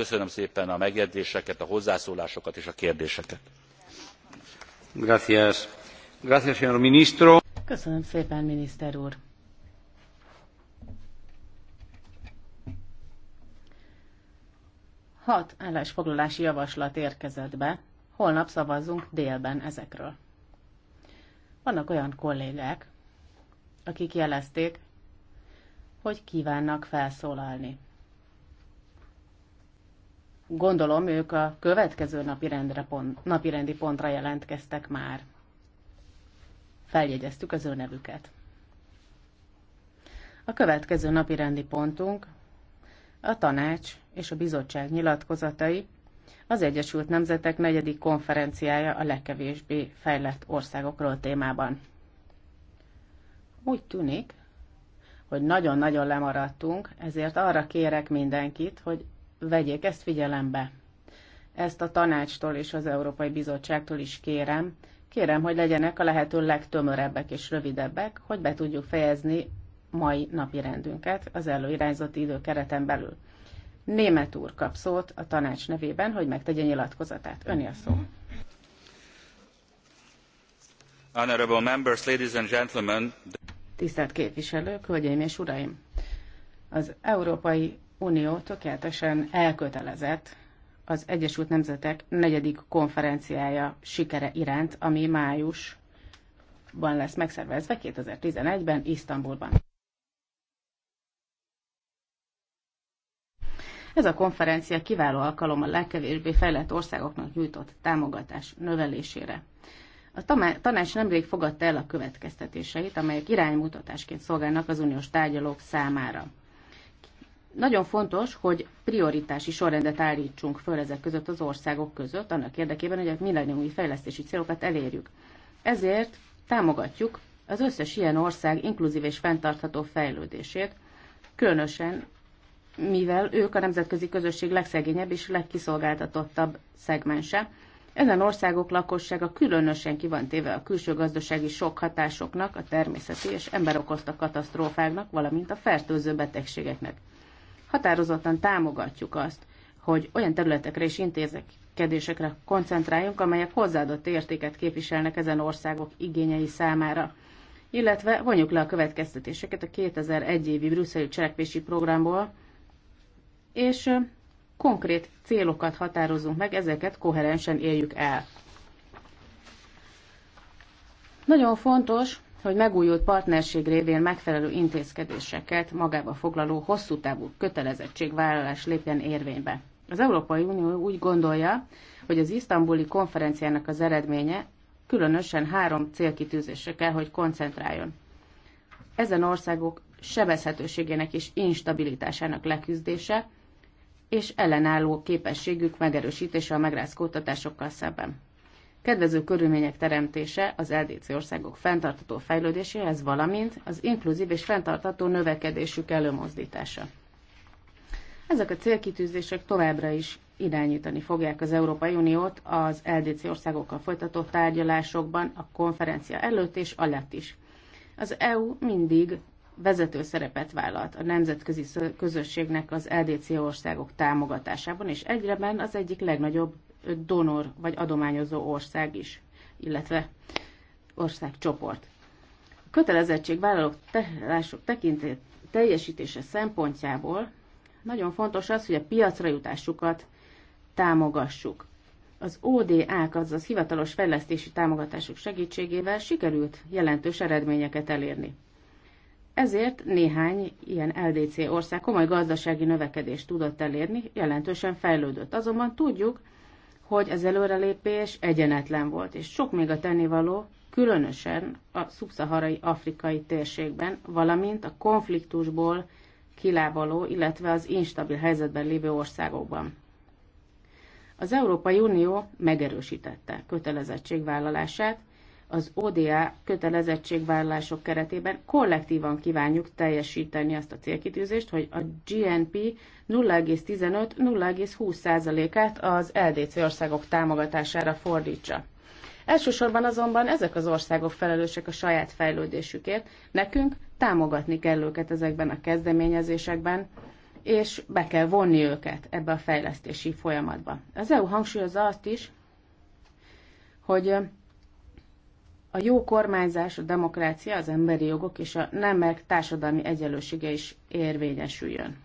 köszönöm szépen a megjegyzéseket a hozzászólásokat és a kérdéseket. Gracias. Gracias, señor ministro. Köszönöm szépen, miniszter úr. Hat állásfoglalási javaslat érkezett be, holnap szavazzunk délben ezekről. Vannak olyan kollégák, akik jelezték, hogy kívánnak felszólalni. Gondolom, ők a következő napi, rendre pont, napi rendi pontra jelentkeztek már. Feljegyeztük az ő nevüket. A következő napi rendi pontunk a tanács és a bizottság nyilatkozatai az Egyesült Nemzetek negyedik konferenciája a legkevésbé fejlett országokról témában. Úgy tűnik, hogy nagyon-nagyon lemaradtunk, ezért arra kérek mindenkit, hogy vegyék ezt figyelembe. Ezt a tanácstól és az Európai Bizottságtól is kérem. Kérem, hogy legyenek a lehető legtömörebbek és rövidebbek, hogy be tudjuk fejezni mai napi rendünket az előirányzott időkereten belül. Német úr kap szót a tanács nevében, hogy megtegye nyilatkozatát. Öni a szó. Honorable members, ladies and gentlemen. Tisztelt képviselők, hölgyeim és uraim! Az Európai Unió tökéletesen elkötelezett az Egyesült Nemzetek negyedik konferenciája sikere iránt, ami májusban lesz megszervezve 2011-ben Isztambulban. Ez a konferencia kiváló alkalom a legkevésbé fejlett országoknak nyújtott támogatás növelésére. A tanács nemrég fogadta el a következtetéseit, amelyek iránymutatásként szolgálnak az uniós tárgyalók számára. Nagyon fontos, hogy prioritási sorrendet állítsunk föl ezek között az országok között, annak érdekében, hogy a millenniumi fejlesztési célokat elérjük. Ezért támogatjuk az összes ilyen ország inkluzív és fenntartható fejlődését, különösen mivel ők a nemzetközi közösség legszegényebb és legkiszolgáltatottabb szegmense. Ezen országok lakossága különösen ki van téve a külső gazdasági sok hatásoknak, a természeti és emberokozta katasztrófáknak, valamint a fertőző betegségeknek. Határozottan támogatjuk azt, hogy olyan területekre és intézkedésekre koncentráljunk, amelyek hozzáadott értéket képviselnek ezen országok igényei számára. Illetve vonjuk le a következtetéseket a 2001 évi brüsszeli cselekvési programból, és konkrét célokat határozunk meg, ezeket koherensen éljük el. Nagyon fontos, hogy megújult partnerség révén megfelelő intézkedéseket magába foglaló hosszú távú kötelezettségvállalás lépjen érvénybe. Az Európai Unió úgy gondolja, hogy az isztambuli konferenciának az eredménye különösen három célkitűzésre kell, hogy koncentráljon. Ezen országok sebezhetőségének és instabilitásának leküzdése, és ellenálló képességük megerősítése a megrázkódtatásokkal szemben kedvező körülmények teremtése az LDC országok fenntartató fejlődéséhez, valamint az inkluzív és fenntartató növekedésük előmozdítása. Ezek a célkitűzések továbbra is irányítani fogják az Európai Uniót az LDC országokkal folytatott tárgyalásokban, a konferencia előtt és alatt is. Az EU mindig vezető szerepet vállalt a nemzetközi közösségnek az LDC országok támogatásában, és egyreben az egyik legnagyobb donor vagy adományozó ország is, illetve országcsoport. A kötelezettségvállalók teherások tekintét teljesítése szempontjából nagyon fontos az, hogy a piacra jutásukat támogassuk. Az ODA-k, azaz hivatalos fejlesztési támogatások segítségével sikerült jelentős eredményeket elérni. Ezért néhány ilyen LDC ország komoly gazdasági növekedést tudott elérni, jelentősen fejlődött. Azonban tudjuk, hogy az előrelépés egyenetlen volt, és sok még a tennivaló, különösen a szubszaharai afrikai térségben, valamint a konfliktusból kilávaló, illetve az instabil helyzetben lévő országokban. Az Európai Unió megerősítette kötelezettségvállalását, az ODA kötelezettségvállalások keretében kollektívan kívánjuk teljesíteni azt a célkitűzést, hogy a GNP 0,15-0,20%-át az LDC országok támogatására fordítsa. Elsősorban azonban ezek az országok felelősek a saját fejlődésükért, nekünk támogatni kell őket ezekben a kezdeményezésekben, és be kell vonni őket ebbe a fejlesztési folyamatba. Az EU hangsúlyozza azt is, hogy a jó kormányzás, a demokrácia, az emberi jogok és a nemek társadalmi egyenlősége is érvényesüljön.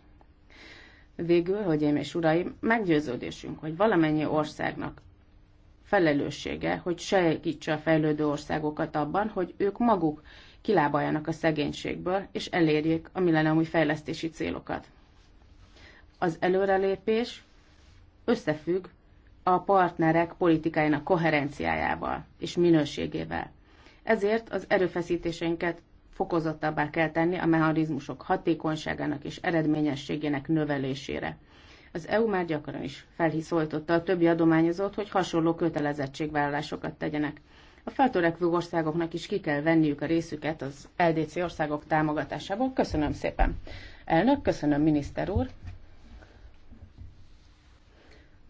Végül, hölgyeim és uraim, meggyőződésünk, hogy valamennyi országnak felelőssége, hogy segítse a fejlődő országokat abban, hogy ők maguk kilábaljanak a szegénységből, és elérjék a millenniumi fejlesztési célokat. Az előrelépés összefügg a partnerek politikájának koherenciájával és minőségével. Ezért az erőfeszítéseinket fokozottabbá kell tenni a mechanizmusok hatékonyságának és eredményességének növelésére. Az EU már gyakran is felhiszoltotta a többi adományozót, hogy hasonló kötelezettségvállalásokat tegyenek. A feltörekvő országoknak is ki kell venniük a részüket az LDC országok támogatásából. Köszönöm szépen. Elnök, köszönöm miniszter úr.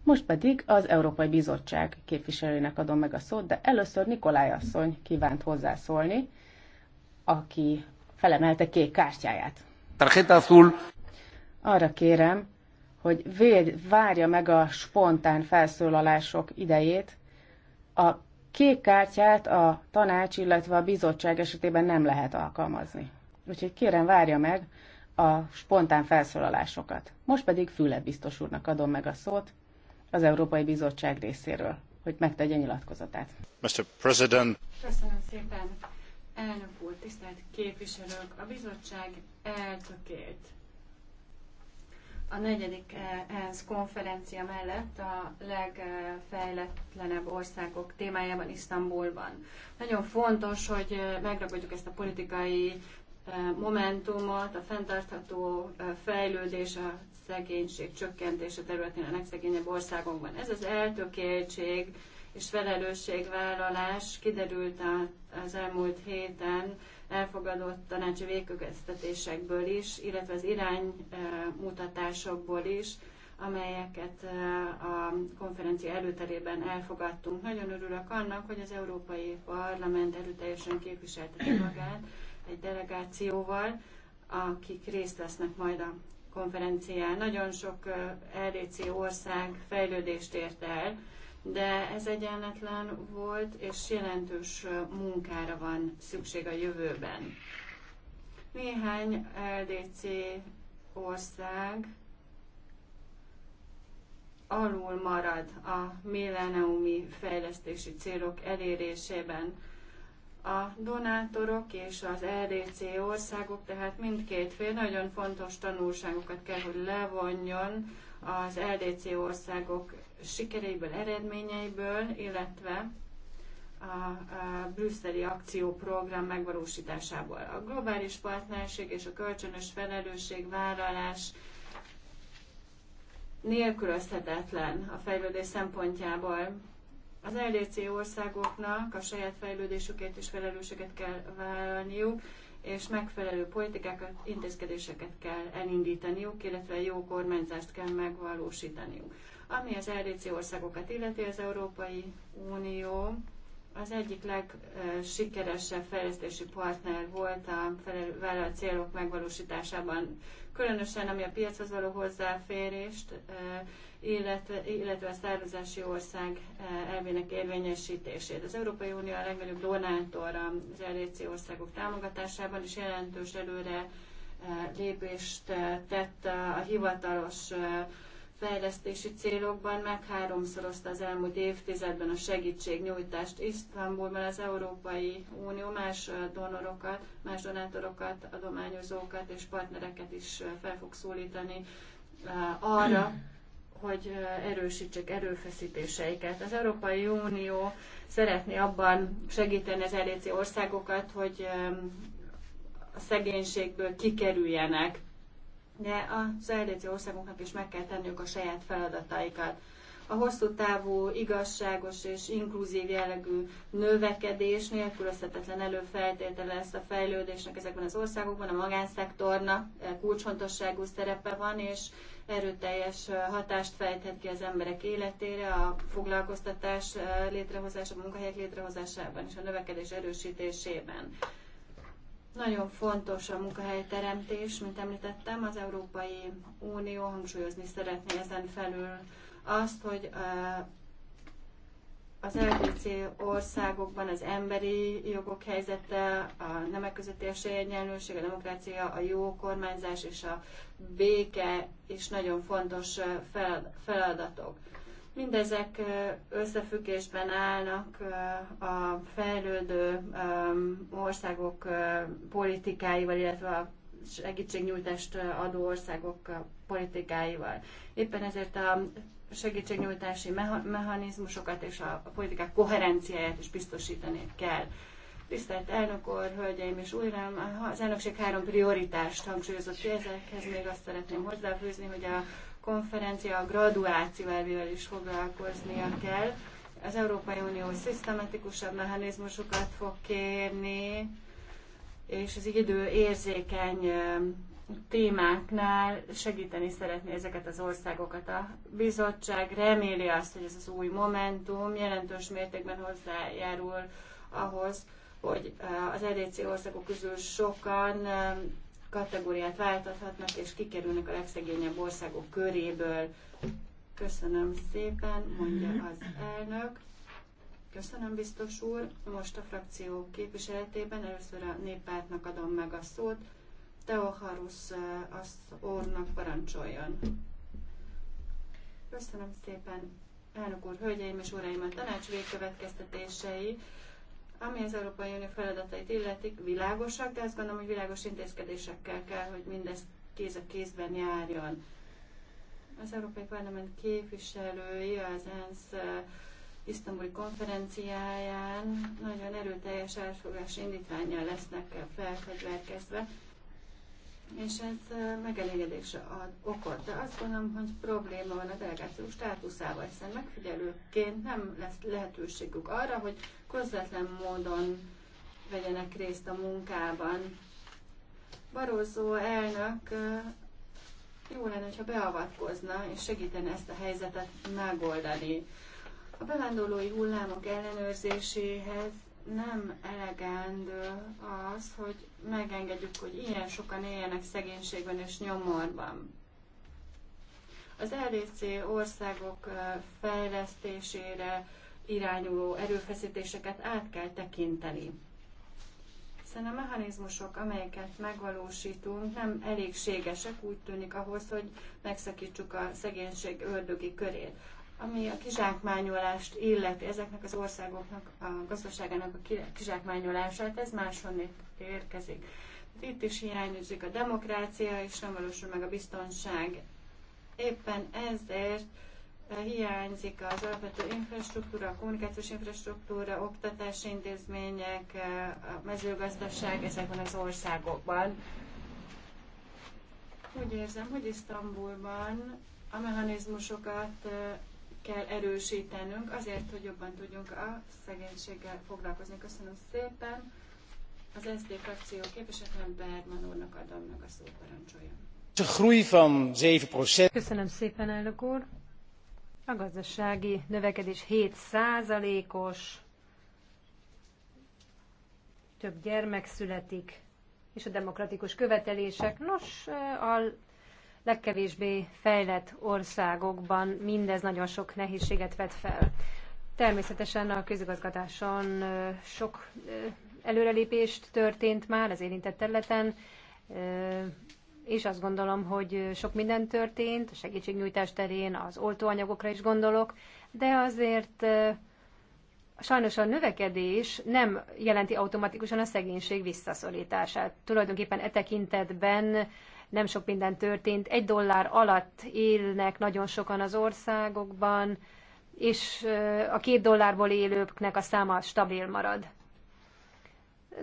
Most pedig az Európai Bizottság képviselőjének adom meg a szót, de először Nikolaj asszony kívánt hozzászólni, aki felemelte kék kártyáját. Tarjeta azul. Arra kérem, hogy véd, várja meg a spontán felszólalások idejét. A kék kártyát a tanács, illetve a bizottság esetében nem lehet alkalmazni. Úgyhogy kérem, várja meg a spontán felszólalásokat. Most pedig Füle biztos úrnak adom meg a szót, az Európai Bizottság részéről, hogy megtegye nyilatkozatát. Mr. President. Köszönöm szépen. Elnök úr, tisztelt képviselők, a bizottság eltökélt a negyedik eh, ENSZ konferencia mellett a legfejletlenebb országok témájában, Isztambulban. Nagyon fontos, hogy eh, megragadjuk ezt a politikai eh, momentumot, a fenntartható fejlődés, a szegénység csökkentése területén a legszegényebb országokban. Ez az eltökéltség és felelősségvállalás kiderült az elmúlt héten elfogadott tanácsi végkövetkeztetésekből is, illetve az iránymutatásokból e, is, amelyeket e, a konferencia előterében elfogadtunk. Nagyon örülök annak, hogy az Európai Parlament erőteljesen képviselteti magát egy delegációval, akik részt vesznek majd a konferencián. Nagyon sok LDC ország fejlődést ért el, de ez egyenletlen volt, és jelentős munkára van szükség a jövőben. Néhány LDC ország alul marad a milleniumi fejlesztési célok elérésében a donátorok és az RDC országok, tehát mindkét fél nagyon fontos tanulságokat kell, hogy levonjon az RDC országok sikereiből, eredményeiből, illetve a, a brüsszeli akcióprogram megvalósításából. A globális partnerség és a kölcsönös vállalás nélkülözhetetlen a fejlődés szempontjából az LDC országoknak a saját fejlődésükért is felelősséget kell vállalniuk, és megfelelő politikákat, intézkedéseket kell elindítaniuk, illetve jó kormányzást kell megvalósítaniuk. Ami az LDC országokat illeti, az Európai Unió az egyik legsikeresebb fejlesztési partner volt a vállalt célok megvalósításában különösen ami a piachoz való hozzáférést, illetve, illetve a származási ország elvének érvényesítését. Az Európai Unió a legnagyobb donátor az LDC e országok támogatásában is jelentős előre lépést tett a hivatalos fejlesztési célokban meg háromszorozta az elmúlt évtizedben a segítségnyújtást. Isztambulban az Európai Unió más donorokat, más donátorokat, adományozókat és partnereket is fel fog szólítani arra, hogy erősítsék erőfeszítéseiket. Az Európai Unió szeretné abban segíteni az LDC e országokat, hogy a szegénységből kikerüljenek de az LDC országoknak is meg kell tenniük a saját feladataikat. A hosszú távú, igazságos és inkluzív jellegű növekedés nélkülözhetetlen előfeltétele lesz a fejlődésnek ezekben az országokban, a magánszektornak eh, kulcsfontosságú szerepe van, és erőteljes eh, hatást fejthet ki az emberek életére, a foglalkoztatás eh, létrehozása, a munkahelyek létrehozásában és a növekedés erősítésében. Nagyon fontos a munkahelyteremtés, mint említettem, az Európai Unió hangsúlyozni szeretné ezen felül azt, hogy az LGC országokban az emberi jogok helyzete, a nemek közötti esélyegyenlőség, a demokrácia, a jó kormányzás és a béke is nagyon fontos feladatok. Mindezek összefüggésben állnak a fejlődő országok politikáival, illetve a segítségnyújtást adó országok politikáival. Éppen ezért a segítségnyújtási mechanizmusokat és a politikák koherenciáját is biztosítani kell. Tisztelt elnök úr, hölgyeim és uram, az elnökség három prioritást hangsúlyozott ki, ezekhez még azt szeretném hozzáfűzni, hogy a konferencia a graduáció elvével is foglalkoznia kell. Az Európai Unió szisztematikusabb mechanizmusokat fog kérni, és az idő érzékeny témáknál segíteni szeretné ezeket az országokat. A bizottság reméli azt, hogy ez az új momentum jelentős mértékben hozzájárul ahhoz, hogy az EDC országok közül sokan kategóriát váltathatnak, és kikerülnek a legszegényebb országok köréből. Köszönöm szépen, mondja az elnök. Köszönöm, biztos úr. Most a frakció képviseletében először a néppártnak adom meg a szót. Teoharus az ornak parancsoljon. Köszönöm szépen, elnök úr, hölgyeim és uraim, a tanács végkövetkeztetései ami az Európai Unió feladatait illetik, világosak, de azt gondolom, hogy világos intézkedésekkel kell, hogy mindez kéz a kézben járjon. Az Európai Parlament képviselői az ENSZ eh, isztambuli konferenciáján nagyon erőteljes elfogás indítványjal lesznek eh, felfegyverkezve, és ez megelégedése ad okot. De azt gondolom, hogy probléma van a delegáció státuszával, hiszen megfigyelőként nem lesz lehetőségük arra, hogy közvetlen módon vegyenek részt a munkában. Barózó elnök jó lenne, ha beavatkozna és segítene ezt a helyzetet megoldani. A bevándorlói hullámok ellenőrzéséhez nem elegendő az, hogy megengedjük, hogy ilyen sokan éljenek szegénységben és nyomorban. Az LDC e országok fejlesztésére irányuló erőfeszítéseket át kell tekinteni hiszen a mechanizmusok, amelyeket megvalósítunk, nem elégségesek, úgy tűnik ahhoz, hogy megszakítsuk a szegénység ördögi körét ami a kizsákmányolást illeti, ezeknek az országoknak a gazdaságának a kizsákmányolását, ez máshonnan érkezik. Hát itt is hiányozik a demokrácia, és nem valósul meg a biztonság. Éppen ezért eh, hiányzik az alapvető infrastruktúra, a kommunikációs infrastruktúra, oktatási intézmények, eh, a mezőgazdaság ezekben az országokban. Úgy érzem, hogy Isztambulban a mechanizmusokat eh, kell erősítenünk azért, hogy jobban tudjunk a szegénységgel foglalkozni. Köszönöm szépen. Az SZD frakció képviselőn Bergman úrnak adom meg a szót, parancsoljon. Köszönöm szépen, elnök úr. A gazdasági növekedés 7 százalékos, több gyermek születik, és a demokratikus követelések. Nos, eh, a legkevésbé fejlett országokban mindez nagyon sok nehézséget vet fel. Természetesen a közigazgatáson sok előrelépést történt már az érintett területen, és azt gondolom, hogy sok minden történt, a segítségnyújtás terén, az oltóanyagokra is gondolok, de azért sajnos a növekedés nem jelenti automatikusan a szegénység visszaszorítását. Tulajdonképpen e tekintetben nem sok minden történt. Egy dollár alatt élnek nagyon sokan az országokban, és a két dollárból élőknek a száma stabil marad.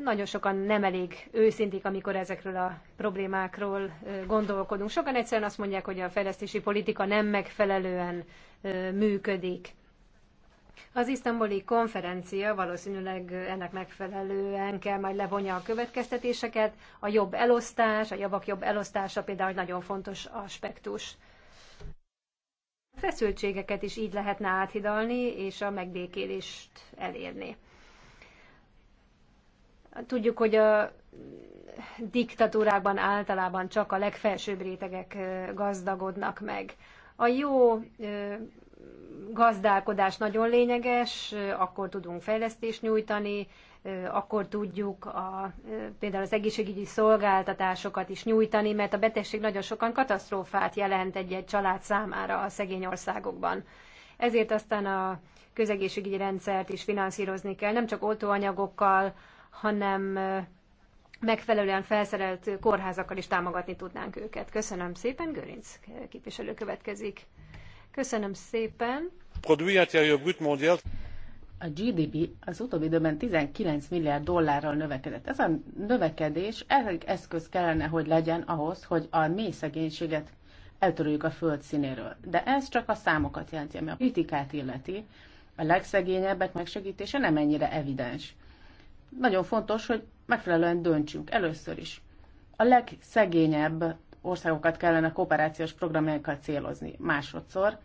Nagyon sokan nem elég őszintik, amikor ezekről a problémákról gondolkodunk. Sokan egyszerűen azt mondják, hogy a fejlesztési politika nem megfelelően működik az isztambuli konferencia valószínűleg ennek megfelelően kell majd levonja a következtetéseket. A jobb elosztás, a javak jobb elosztása például egy nagyon fontos aspektus. A feszültségeket is így lehetne áthidalni, és a megbékélést elérni. Tudjuk, hogy a diktatúrákban általában csak a legfelsőbb rétegek gazdagodnak meg. A jó gazdálkodás nagyon lényeges, akkor tudunk fejlesztést nyújtani, akkor tudjuk a, például az egészségügyi szolgáltatásokat is nyújtani, mert a betegség nagyon sokan katasztrófát jelent egy-egy család számára a szegény országokban. Ezért aztán a közegészségügyi rendszert is finanszírozni kell, nem csak oltóanyagokkal, hanem megfelelően felszerelt kórházakkal is támogatni tudnánk őket. Köszönöm szépen, Görinc képviselő következik. Köszönöm szépen. A GDP az utóbbi időben 19 milliárd dollárral növekedett. Ez a növekedés elég eszköz kellene, hogy legyen ahhoz, hogy a mély szegénységet eltöröljük a föld színéről. De ez csak a számokat jelenti, ami a kritikát illeti. A legszegényebbek megsegítése nem ennyire evidens. Nagyon fontos, hogy megfelelően döntsünk először is. A legszegényebb országokat kellene kooperációs programjaikkal célozni. Másodszor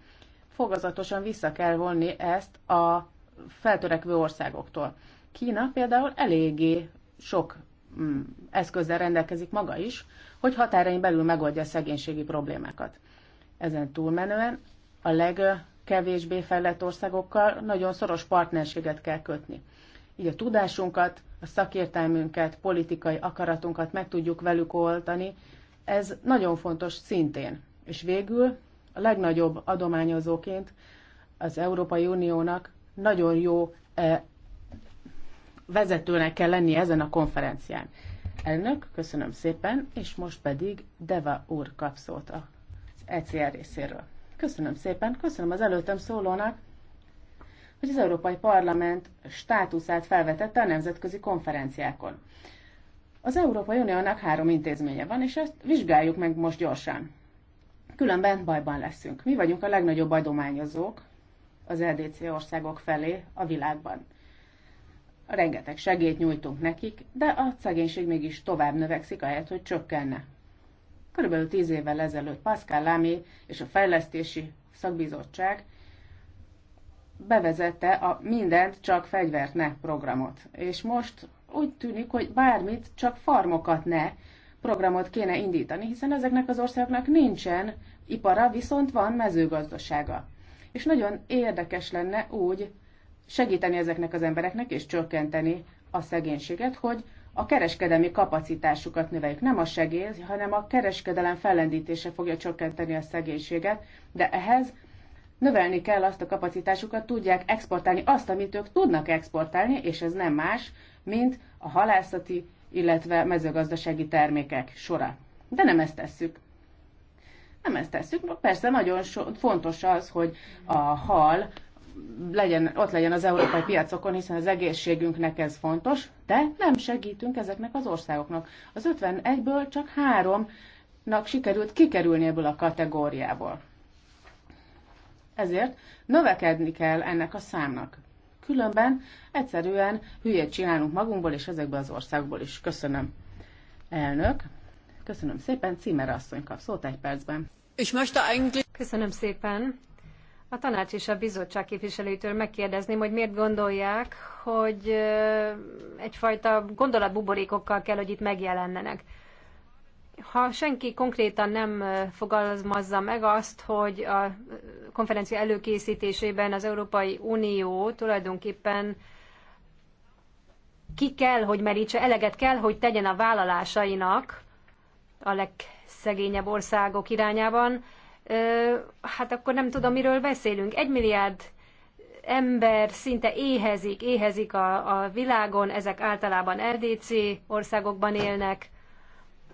fogazatosan vissza kell vonni ezt a feltörekvő országoktól. Kína például eléggé sok mm, eszközzel rendelkezik maga is, hogy határain belül megoldja a szegénységi problémákat. Ezen túlmenően a legkevésbé fejlett országokkal nagyon szoros partnerséget kell kötni. Így a tudásunkat, a szakértelmünket, politikai akaratunkat meg tudjuk velük oltani, ez nagyon fontos szintén. És végül a legnagyobb adományozóként az Európai Uniónak nagyon jó e, vezetőnek kell lenni ezen a konferencián. Elnök, köszönöm szépen, és most pedig Deva úr kap szót az ECR részéről. Köszönöm szépen, köszönöm az előttem szólónak, hogy az Európai Parlament státuszát felvetette a nemzetközi konferenciákon. Az Európai Uniónak három intézménye van, és ezt vizsgáljuk meg most gyorsan. Különben bajban leszünk. Mi vagyunk a legnagyobb adományozók az LDC e országok felé a világban. Rengeteg segélyt nyújtunk nekik, de a szegénység mégis tovább növekszik, ahelyett, hogy csökkenne. Körülbelül tíz évvel ezelőtt Pascal Lamy és a Fejlesztési Szakbizottság bevezette a mindent csak fegyvert ne programot. És most úgy tűnik, hogy bármit, csak farmokat ne programot kéne indítani, hiszen ezeknek az országoknak nincsen ipara, viszont van mezőgazdasága. És nagyon érdekes lenne úgy segíteni ezeknek az embereknek és csökkenteni a szegénységet, hogy a kereskedelmi kapacitásukat növeljük. Nem a segély, hanem a kereskedelem fellendítése fogja csökkenteni a szegénységet, de ehhez növelni kell azt a kapacitásukat, tudják exportálni azt, amit ők tudnak exportálni, és ez nem más, mint a halászati, illetve mezőgazdasági termékek sora. De nem ezt tesszük. Nem ezt tesszük. Persze nagyon so- fontos az, hogy a hal legyen, ott legyen az európai piacokon, hiszen az egészségünknek ez fontos, de nem segítünk ezeknek az országoknak. Az 51-ből csak háromnak sikerült kikerülni ebből a kategóriából. Ezért növekedni kell ennek a számnak. Különben egyszerűen hülyét csinálunk magunkból és ezekből az országból is. Köszönöm, elnök. Köszönöm szépen. Cimera asszony kap szót egy percben. Ich möchte eigentlich... Köszönöm szépen. A tanács és a bizottság képviselőtől megkérdezném, hogy miért gondolják, hogy egyfajta gondolatbuborékokkal kell, hogy itt megjelennenek ha senki konkrétan nem fogalmazza meg azt, hogy a konferencia előkészítésében az Európai Unió tulajdonképpen ki kell, hogy merítse, eleget kell, hogy tegyen a vállalásainak a legszegényebb országok irányában, hát akkor nem tudom, miről beszélünk. Egy milliárd ember szinte éhezik, éhezik a, a világon, ezek általában LDC országokban élnek,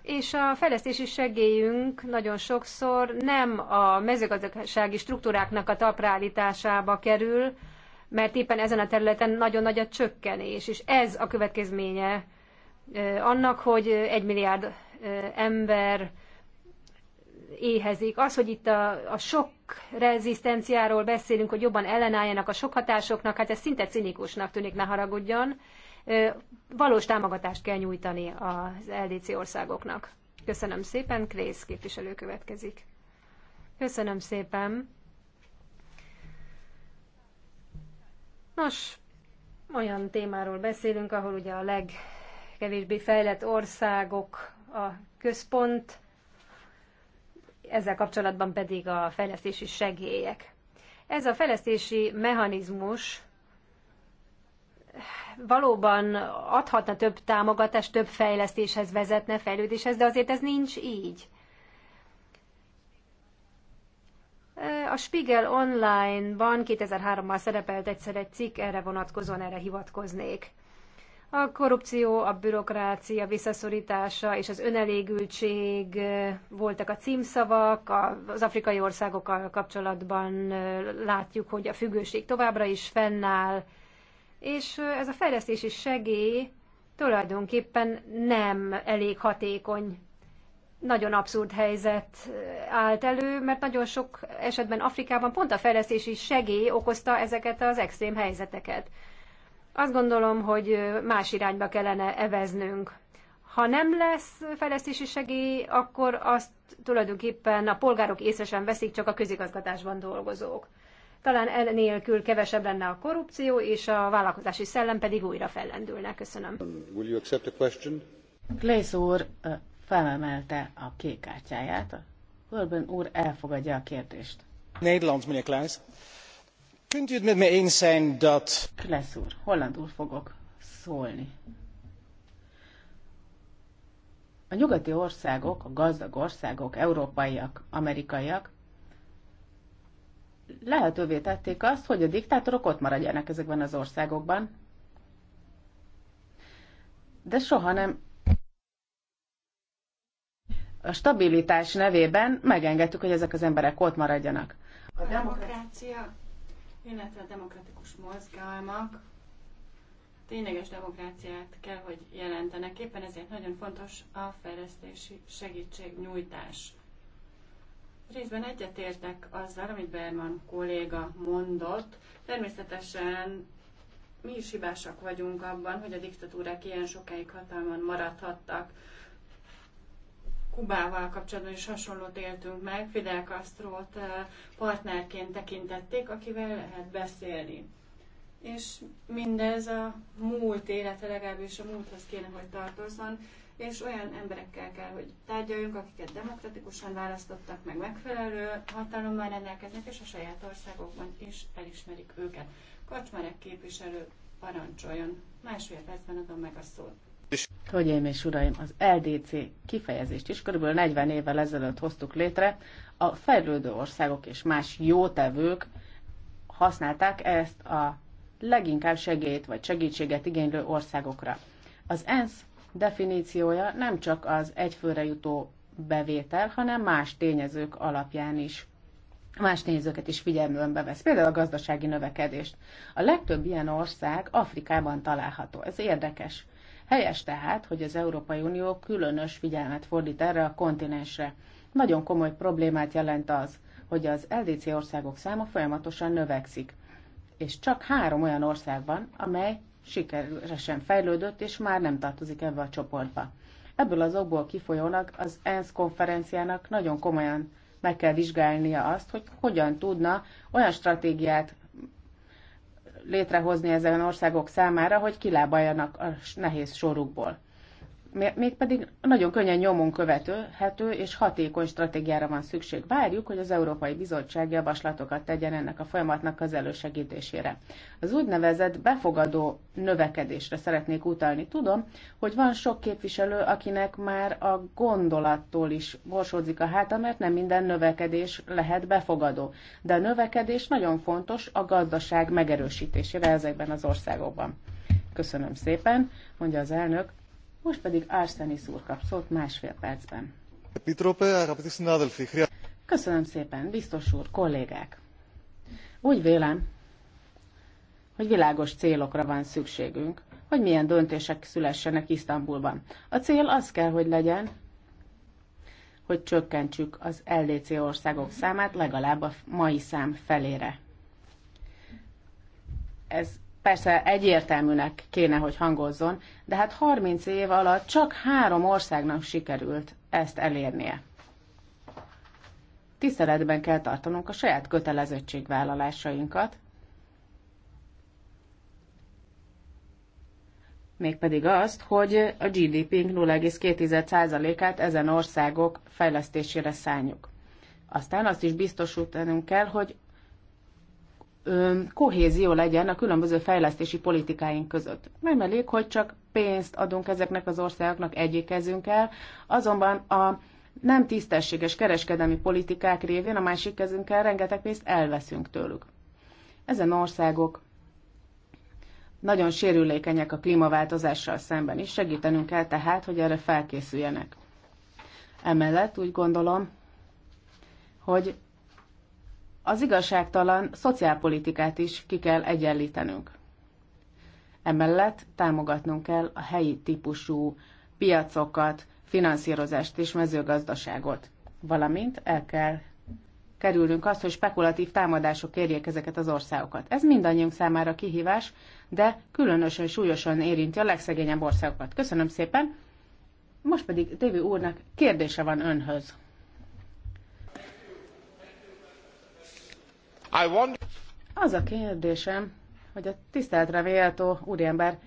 és a fejlesztési segélyünk nagyon sokszor nem a mezőgazdasági struktúráknak a talpraállításába kerül, mert éppen ezen a területen nagyon nagy a csökkenés, és ez a következménye annak, hogy egy milliárd ember éhezik. Az, hogy itt a, a sok rezisztenciáról beszélünk, hogy jobban ellenálljanak a sok hatásoknak, hát ez szinte cinikusnak tűnik, ne haragudjon valós támogatást kell nyújtani az LDC országoknak. Köszönöm szépen, Krész képviselő következik. Köszönöm szépen. Nos, olyan témáról beszélünk, ahol ugye a legkevésbé fejlett országok a központ, ezzel kapcsolatban pedig a fejlesztési segélyek. Ez a fejlesztési mechanizmus valóban adhatna több támogatást, több fejlesztéshez vezetne, fejlődéshez, de azért ez nincs így. A Spiegel Online-ban 2003-ban szerepelt egyszer egy cikk, erre vonatkozóan erre hivatkoznék. A korrupció, a bürokrácia visszaszorítása és az önelégültség voltak a címszavak. Az afrikai országokkal kapcsolatban látjuk, hogy a függőség továbbra is fennáll, és ez a fejlesztési segély tulajdonképpen nem elég hatékony. Nagyon abszurd helyzet állt elő, mert nagyon sok esetben Afrikában pont a fejlesztési segély okozta ezeket az extrém helyzeteket. Azt gondolom, hogy más irányba kellene eveznünk. Ha nem lesz fejlesztési segély, akkor azt tulajdonképpen a polgárok észre sem veszik, csak a közigazgatásban dolgozók. Talán ennélkül kevesebb lenne a korrupció, és a vállalkozási szellem pedig újra fellendülne. Köszönöm. Will you accept a question? Glész úr felemelte a kék kártyáját. Urban úr elfogadja a kérdést. Nederlands, meneer Klaes. Kunt u het met me eens zijn dat... Klaes úr, hollandul fogok szólni. A nyugati országok, a gazdag országok, európaiak, amerikaiak lehetővé tették azt, hogy a diktátorok ott maradjanak ezekben az országokban, de soha nem a stabilitás nevében megengedtük, hogy ezek az emberek ott maradjanak. A demokrácia, illetve a demokratikus mozgalmak tényleges demokráciát kell, hogy jelentenek. Éppen ezért nagyon fontos a fejlesztési segítségnyújtás. Részben egyetértek azzal, amit Berman kolléga mondott. Természetesen mi is hibásak vagyunk abban, hogy a diktatúrák ilyen sokáig hatalman maradhattak. Kubával kapcsolatban is hasonlót éltünk meg, Fidel castro eh, partnerként tekintették, akivel lehet beszélni. És mindez a múlt élete, legalábbis a múlthoz kéne, hogy tartozzon, és olyan emberekkel kell, hogy tárgyaljunk, akiket demokratikusan választottak, meg megfelelő hatalommal rendelkeznek, és a saját országokban is elismerik őket. Kacsmarek képviselő parancsoljon. Másfél percben adom meg a szót. Hölgyeim és uraim, az LDC kifejezést is kb. 40 évvel ezelőtt hoztuk létre. A fejlődő országok és más jótevők használták ezt a leginkább segélyt vagy segítséget igénylő országokra. Az ENSZ definíciója nem csak az egyfőre jutó bevétel, hanem más tényezők alapján is más tényezőket is figyelmülenbe vesz, például a gazdasági növekedést. A legtöbb ilyen ország Afrikában található. Ez érdekes. Helyes tehát, hogy az Európai Unió különös figyelmet fordít erre a kontinensre. Nagyon komoly problémát jelent az, hogy az LDC országok száma folyamatosan növekszik, és csak három olyan ország van, amely sikeresen fejlődött, és már nem tartozik ebbe a csoportba. Ebből az okból kifolyólag az ENSZ konferenciának nagyon komolyan meg kell vizsgálnia azt, hogy hogyan tudna olyan stratégiát létrehozni ezen országok számára, hogy kilábaljanak a nehéz sorukból mégpedig nagyon könnyen nyomon követőhető és hatékony stratégiára van szükség. Várjuk, hogy az Európai Bizottság javaslatokat tegyen ennek a folyamatnak az elősegítésére. Az úgynevezett befogadó növekedésre szeretnék utalni. Tudom, hogy van sok képviselő, akinek már a gondolattól is borsódzik a háta, mert nem minden növekedés lehet befogadó. De a növekedés nagyon fontos a gazdaság megerősítésére ezekben az országokban. Köszönöm szépen, mondja az elnök most pedig Arsenis úr kapszott másfél percben. Köszönöm szépen, biztos úr, kollégák! Úgy vélem, hogy világos célokra van szükségünk, hogy milyen döntések szülessenek Isztambulban. A cél az kell, hogy legyen, hogy csökkentsük az LDC országok számát legalább a mai szám felére. Ez persze egyértelműnek kéne, hogy hangozzon, de hát 30 év alatt csak három országnak sikerült ezt elérnie. Tiszteletben kell tartanunk a saját kötelezettségvállalásainkat, mégpedig azt, hogy a GDP-nk 0,2%-át ezen országok fejlesztésére szálljuk. Aztán azt is biztosítanunk kell, hogy kohézió legyen a különböző fejlesztési politikáink között. Nem elég, hogy csak pénzt adunk ezeknek az országoknak egyik kezünkkel, azonban a nem tisztességes kereskedelmi politikák révén a másik kezünkkel rengeteg pénzt elveszünk tőlük. Ezen országok nagyon sérülékenyek a klímaváltozással szemben is, segítenünk kell tehát, hogy erre felkészüljenek. Emellett úgy gondolom, hogy az igazságtalan szociálpolitikát is ki kell egyenlítenünk. Emellett támogatnunk kell a helyi típusú piacokat, finanszírozást és mezőgazdaságot, valamint el kell kerülnünk azt, hogy spekulatív támadások érjék ezeket az országokat. Ez mindannyiunk számára kihívás, de különösen súlyosan érinti a legszegényebb országokat. Köszönöm szépen! Most pedig Tévi úrnak kérdése van önhöz. Az a kérdésem, hogy a tiszteletre véltó úriember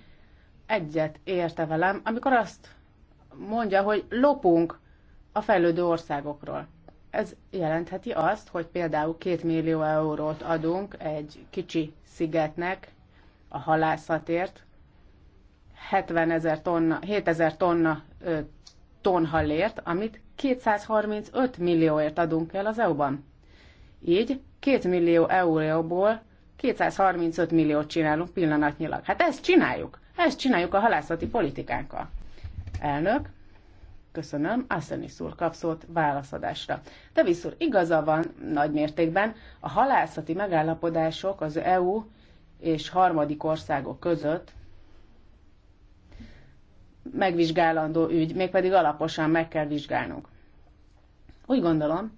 egyet érte velem, amikor azt mondja, hogy lopunk a fejlődő országokról. Ez jelentheti azt, hogy például két millió eurót adunk egy kicsi szigetnek a halászatért, 70 ezer tonna, 7 ezer tonna ö, tonhalért, amit 235 millióért adunk el az EU-ban. Így 2 millió euróból 235 milliót csinálunk pillanatnyilag. Hát ezt csináljuk. Ezt csináljuk a halászati politikánkkal. Elnök, köszönöm, Asszony szúr kapszót válaszadásra. De viszont igaza van nagy mértékben, a halászati megállapodások az EU és harmadik országok között megvizsgálandó ügy, mégpedig alaposan meg kell vizsgálnunk. Úgy gondolom,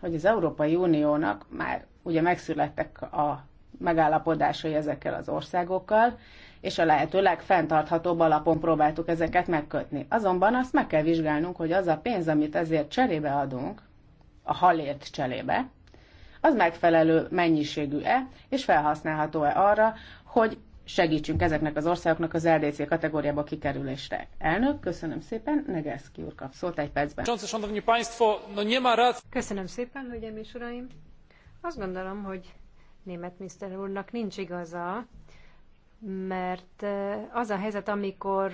hogy az Európai Uniónak már ugye megszülettek a megállapodásai ezekkel az országokkal, és a lehető legfenntarthatóbb alapon próbáltuk ezeket megkötni. Azonban azt meg kell vizsgálnunk, hogy az a pénz, amit ezért cserébe adunk, a halért cserébe, az megfelelő mennyiségű-e, és felhasználható-e arra, hogy segítsünk ezeknek az országoknak az LDC kategóriába kikerülésre. Elnök, köszönöm szépen, Negeszki úr kap szót egy percben. Köszönöm szépen, hölgyeim és uraim. Azt gondolom, hogy német miniszter úrnak nincs igaza, mert eh, az a helyzet, amikor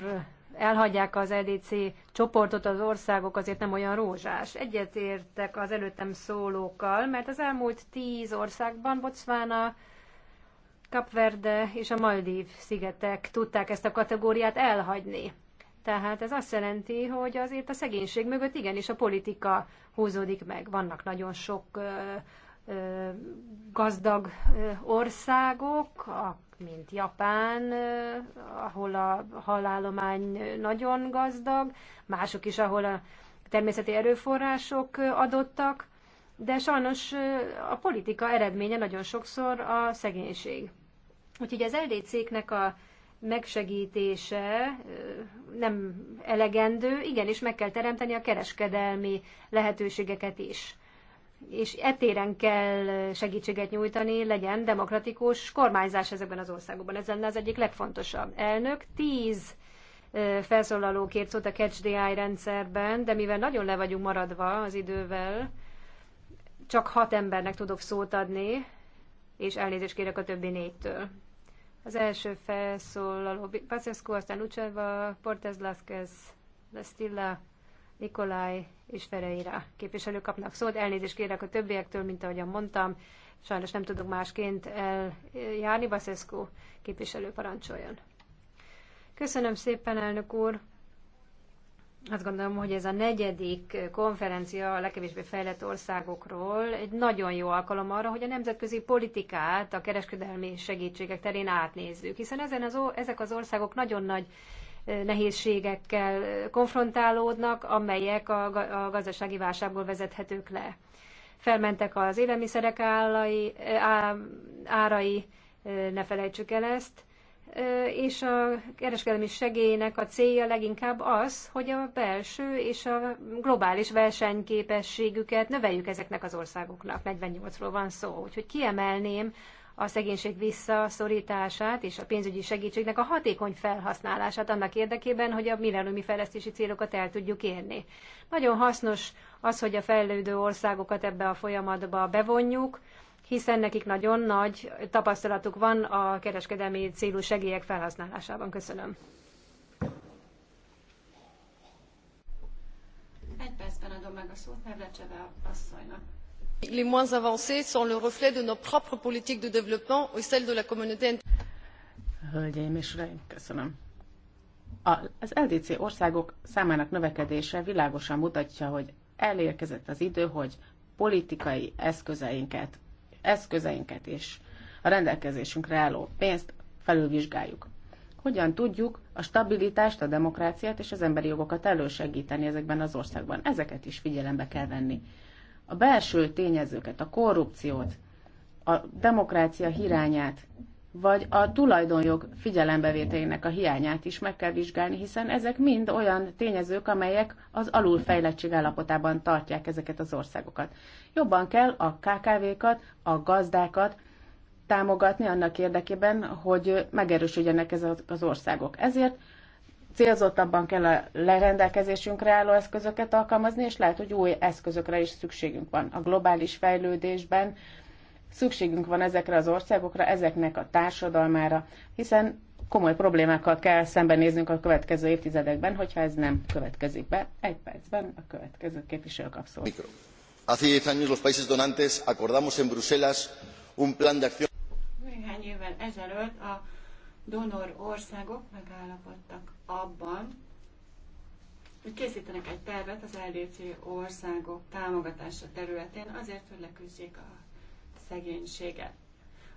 elhagyják az EDC csoportot az országok, azért nem olyan rózsás. Egyetértek az előttem szólókkal, mert az elmúlt tíz országban Botswana, Kapverde és a Maldív szigetek tudták ezt a kategóriát elhagyni. Tehát ez azt jelenti, hogy azért a szegénység mögött igenis a politika húzódik meg. Vannak nagyon sok ö, ö, gazdag ö, országok, a, mint Japán, ö, ahol a halálomány nagyon gazdag, mások is, ahol a természeti erőforrások adottak, de sajnos a politika eredménye nagyon sokszor a szegénység. Úgyhogy az LDC-knek a megsegítése nem elegendő, igenis meg kell teremteni a kereskedelmi lehetőségeket is. És etéren kell segítséget nyújtani, legyen demokratikus kormányzás ezekben az országokban. Ez lenne az egyik legfontosabb. Elnök, tíz felszólaló kért szót a Catch the Eye rendszerben, de mivel nagyon le vagyunk maradva az idővel, csak hat embernek tudok szót adni, és elnézést kérek a többi négytől. Az első felszólaló Pacescu, aztán Lucseva, Portez Lasquez, Lestilla, Nikolaj és Ferreira képviselők kapnak szót. Elnézést kérek a többiektől, mint ahogyan mondtam, sajnos nem tudok másként eljárni. Baszeszkó képviselő parancsoljon. Köszönöm szépen, elnök úr! azt gondolom, hogy ez a negyedik konferencia a legkevésbé fejlett országokról egy nagyon jó alkalom arra, hogy a nemzetközi politikát a kereskedelmi segítségek terén átnézzük, hiszen ezen az, ezek az országok nagyon nagy nehézségekkel konfrontálódnak, amelyek a, a gazdasági válságból vezethetők le. Felmentek az élelmiszerek állai, á, árai, ne felejtsük el ezt, és a kereskedelmi segélynek a célja leginkább az, hogy a belső és a globális versenyképességüket növeljük ezeknek az országoknak. 48-ról van szó, úgyhogy kiemelném a szegénység visszaszorítását és a pénzügyi segítségnek a hatékony felhasználását annak érdekében, hogy a millenniumi fejlesztési célokat el tudjuk érni. Nagyon hasznos az, hogy a fejlődő országokat ebbe a folyamatba bevonjuk, hiszen nekik nagyon nagy tapasztalatuk van a kereskedelmi célú segélyek felhasználásában. Köszönöm. Egy percben adom meg a szót Nevlecseve asszonynak les moins avancées sont le reflet de nos propres politiques de développement et celles de la communauté Hölgyeim és Uraim, köszönöm. A, az LDC országok számának növekedése világosan mutatja, hogy elérkezett az idő, hogy politikai eszközeinket eszközeinket és a rendelkezésünkre álló pénzt felülvizsgáljuk. Hogyan tudjuk a stabilitást, a demokráciát és az emberi jogokat elősegíteni ezekben az országban? Ezeket is figyelembe kell venni. A belső tényezőket, a korrupciót, a demokrácia hirányát vagy a tulajdonjog figyelembevételének a hiányát is meg kell vizsgálni, hiszen ezek mind olyan tényezők, amelyek az alulfejlettség állapotában tartják ezeket az országokat. Jobban kell a KKV-kat, a gazdákat támogatni annak érdekében, hogy megerősödjenek ezek az országok. Ezért célzottabban kell a lerendelkezésünkre álló eszközöket alkalmazni, és lehet, hogy új eszközökre is szükségünk van. A globális fejlődésben Szükségünk van ezekre az országokra, ezeknek a társadalmára, hiszen komoly problémákkal kell szembenéznünk a következő évtizedekben, hogyha ez nem következik be. Egy percben a következő képviselő kap szót. Hace 10 años los países donantes acordamos en Bruselas un plan de acción. Néhány évvel ezelőtt a donor országok megállapodtak abban, hogy készítenek egy tervet az LDC országok támogatása területén azért, hogy leküzdjék a szegénységet.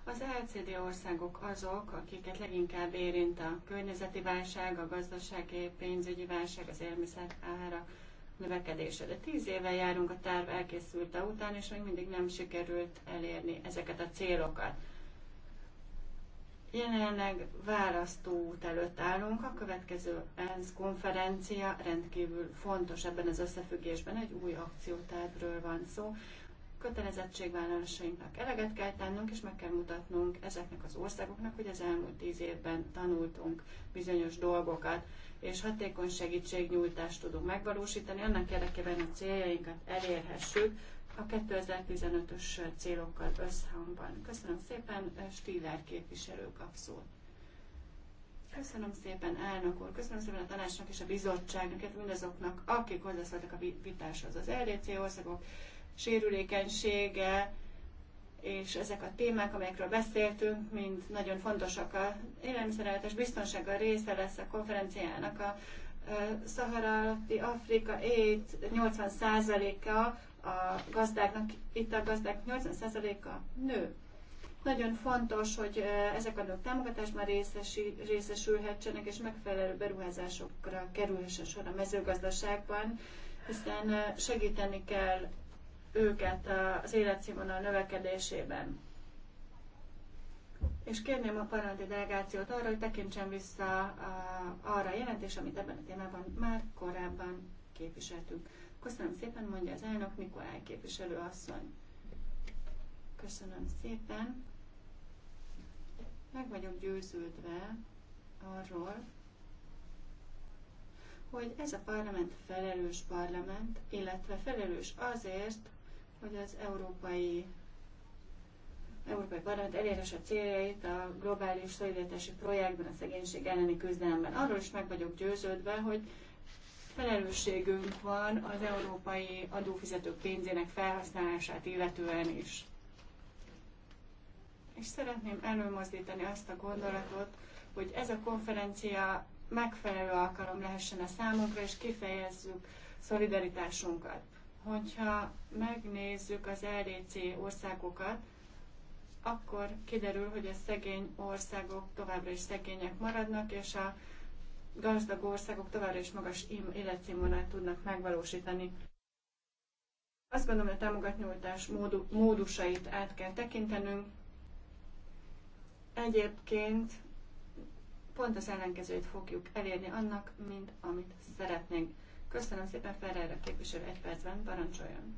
Az LCD országok azok, akiket leginkább érint a környezeti válság, a gazdasági, pénzügyi válság, az élmiszer ára növekedése. De tíz éve járunk a terv elkészülte után, és még mindig nem sikerült elérni ezeket a célokat. Jelenleg út előtt állunk, a következő ENSZ konferencia rendkívül fontos ebben az összefüggésben, egy új akciótervről van szó, kötelezettségvállalásainknak eleget kell tennünk, és meg kell mutatnunk ezeknek az országoknak, hogy az elmúlt tíz évben tanultunk bizonyos dolgokat, és hatékony segítségnyújtást tudunk megvalósítani, annak érdekében a céljainkat elérhessük a 2015-ös célokkal összhangban. Köszönöm szépen, Stiller képviselő kapszót. Köszönöm szépen, elnök úr, köszönöm szépen a tanácsnak és a bizottságnak, mindazoknak, akik hozzászóltak a vitáshoz. Az LDC országok sérülékenysége, és ezek a témák, amelyekről beszéltünk, mind nagyon fontosak. A élelmiszerelátás biztonsága része lesz a konferenciának a Szahara alatti Afrika 80%-a a gazdáknak, itt a gazdák 80%-a nő. Nagyon fontos, hogy ezek a nők támogatásban részesi, részesülhetsenek, és megfelelő beruházásokra kerülhessen sor a mezőgazdaságban, hiszen segíteni kell őket az életszínvonal növekedésében. És kérném a parlamenti delegációt arra, hogy tekintsen vissza arra a jelentés, amit ebben a témában már korábban képviseltünk. Köszönöm szépen, mondja az elnök Nikolaj asszony. Köszönöm szépen. Meg vagyok győződve arról, hogy ez a parlament felelős parlament, illetve felelős azért, hogy az európai Európai Parlament elérés a céljait a globális szolidaritási projektben, a szegénység elleni küzdelemben. Arról is meg vagyok győződve, hogy felelősségünk van az európai adófizetők pénzének felhasználását illetően is. És szeretném előmozdítani azt a gondolatot, hogy ez a konferencia megfelelő alkalom lehessen a számunkra, és kifejezzük szolidaritásunkat. Hogyha megnézzük az LDC országokat, akkor kiderül, hogy a szegény országok továbbra is szegények maradnak, és a gazdag országok továbbra is magas életszínvonalat tudnak megvalósítani. Azt gondolom, hogy a támogatnyújtás módusait át kell tekintenünk. Egyébként pont az ellenkezőjét fogjuk elérni annak, mint amit szeretnénk. Köszönöm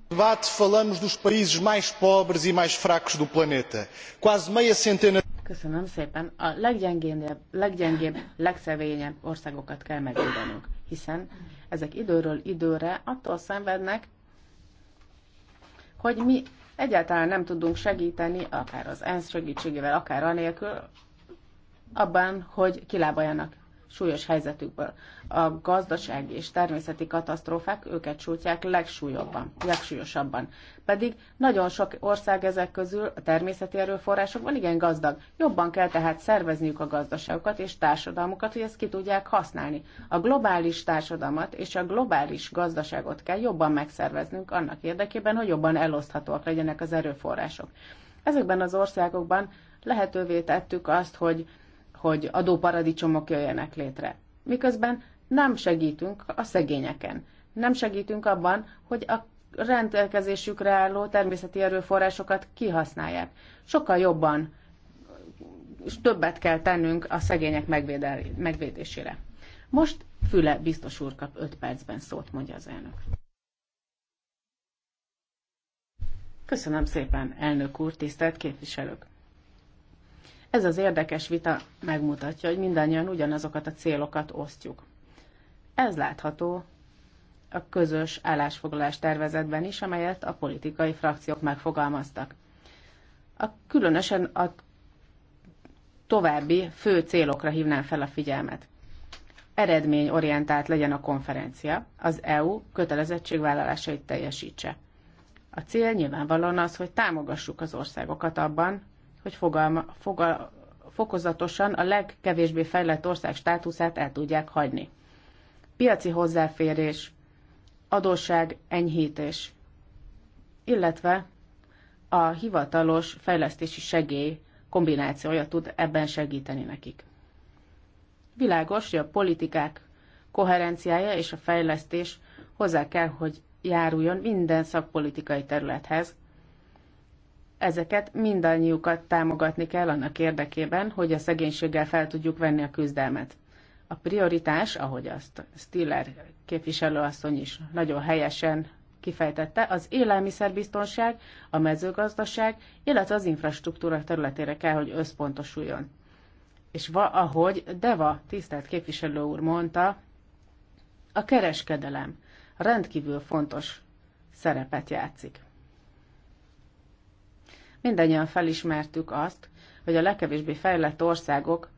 Debate falamos dos países mais pobres e mais fracos do planeta. Quase meia centena... Köszönöm szépen. A leggyengébb, leggyengébb, legszegényebb országokat kell megvédenünk, hiszen ezek időről időre attól szenvednek, hogy mi egyáltalán nem tudunk segíteni, akár az ENSZ segítségével, akár anélkül, abban, hogy kilábaljanak súlyos helyzetükből. A gazdasági és természeti katasztrófák őket sújtják legsúlyosabban, legsúlyosabban. Pedig nagyon sok ország ezek közül a természeti erőforrásokban igen gazdag. Jobban kell tehát szervezniük a gazdaságokat és társadalmukat, hogy ezt ki tudják használni. A globális társadalmat és a globális gazdaságot kell jobban megszerveznünk annak érdekében, hogy jobban eloszthatóak legyenek az erőforrások. Ezekben az országokban lehetővé tettük azt, hogy hogy adóparadicsomok jöjjenek létre. Miközben nem segítünk a szegényeken. Nem segítünk abban, hogy a rendelkezésükre álló természeti erőforrásokat kihasználják. Sokkal jobban és többet kell tennünk a szegények megvédésére. Most Füle biztos úr kap 5 percben szót, mondja az elnök. Köszönöm szépen, elnök úr, tisztelt képviselők! Ez az érdekes vita megmutatja, hogy mindannyian ugyanazokat a célokat osztjuk. Ez látható a közös állásfoglalás tervezetben is, amelyet a politikai frakciók megfogalmaztak. A, különösen a további fő célokra hívnám fel a figyelmet. Eredményorientált legyen a konferencia, az EU kötelezettségvállalásait teljesítse. A cél nyilvánvalóan az, hogy támogassuk az országokat abban, hogy fogalma, fogal, fokozatosan a legkevésbé fejlett ország státuszát el tudják hagyni. Piaci hozzáférés, adósság enyhítés, illetve a hivatalos fejlesztési segély kombinációja tud ebben segíteni nekik. Világos, hogy a politikák koherenciája és a fejlesztés hozzá kell, hogy járuljon minden szakpolitikai területhez, Ezeket mindannyiukat támogatni kell annak érdekében, hogy a szegénységgel fel tudjuk venni a küzdelmet. A prioritás, ahogy azt Stiller képviselőasszony is nagyon helyesen kifejtette, az élelmiszerbiztonság, a mezőgazdaság, illetve az infrastruktúra területére kell, hogy összpontosuljon. És va, ahogy Deva tisztelt képviselő úr mondta, a kereskedelem rendkívül fontos szerepet játszik. Mindannyian felismertük azt, hogy a legkevésbé fejlett országok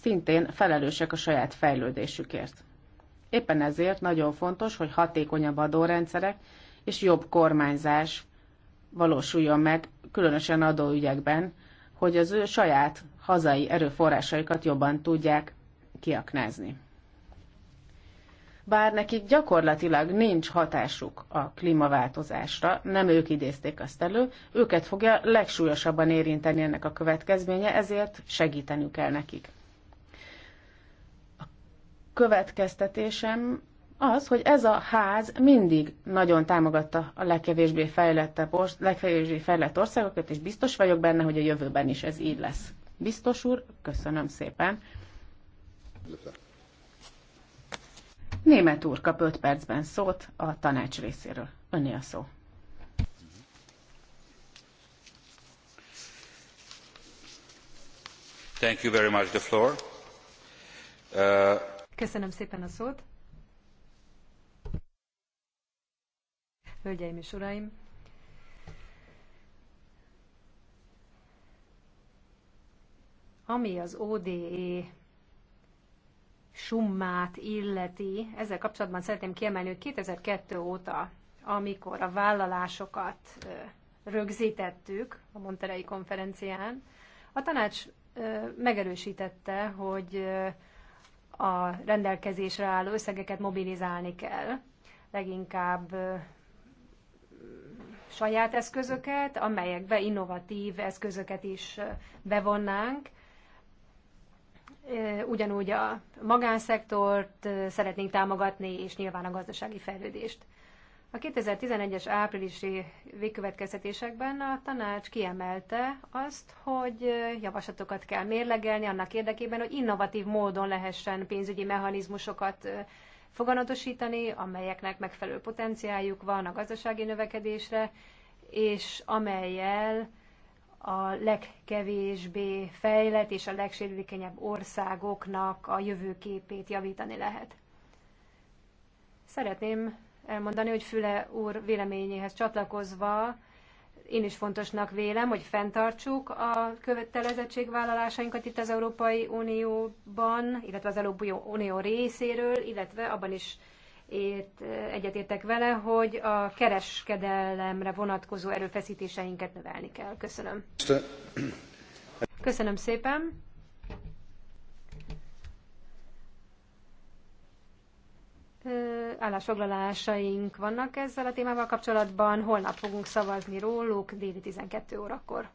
szintén felelősek a saját fejlődésükért. Éppen ezért nagyon fontos, hogy hatékonyabb adórendszerek és jobb kormányzás valósuljon meg, különösen adóügyekben, hogy az ő saját hazai erőforrásaikat jobban tudják kiaknázni bár nekik gyakorlatilag nincs hatásuk a klímaváltozásra, nem ők idézték azt elő, őket fogja legsúlyosabban érinteni ennek a következménye, ezért segítenünk kell nekik. A következtetésem az, hogy ez a ház mindig nagyon támogatta a legkevésbé fejlettebb, legkevésbé fejlett országokat, és biztos vagyok benne, hogy a jövőben is ez így lesz. Biztos úr, köszönöm szépen. Köszönöm. Német úr kap 5 percben szót a tanács részéről. Önné a szó. Thank you very much the floor. Uh... Köszönöm szépen a szót. Hölgyeim és uraim, ami az ODE summát illeti, ezzel kapcsolatban szeretném kiemelni, hogy 2002 óta, amikor a vállalásokat rögzítettük a Monterei konferencián, a tanács megerősítette, hogy a rendelkezésre álló összegeket mobilizálni kell, leginkább saját eszközöket, amelyekbe innovatív eszközöket is bevonnánk, ugyanúgy a magánszektort szeretnénk támogatni, és nyilván a gazdasági fejlődést. A 2011-es áprilisi végkövetkeztetésekben a tanács kiemelte azt, hogy javaslatokat kell mérlegelni annak érdekében, hogy innovatív módon lehessen pénzügyi mechanizmusokat foganatosítani, amelyeknek megfelelő potenciáljuk van a gazdasági növekedésre, és amelyel a legkevésbé fejlett és a legsérülékenyebb országoknak a jövőképét javítani lehet. Szeretném elmondani, hogy Füle úr véleményéhez csatlakozva én is fontosnak vélem, hogy fenntartsuk a követelezettségvállalásainkat itt az Európai Unióban, illetve az Európai Unió részéről, illetve abban is ért, egyetértek vele, hogy a kereskedelemre vonatkozó erőfeszítéseinket növelni kell. Köszönöm. Köszönöm szépen. állásfoglalásaink vannak ezzel a témával kapcsolatban. Holnap fogunk szavazni róluk déli 12 órakor.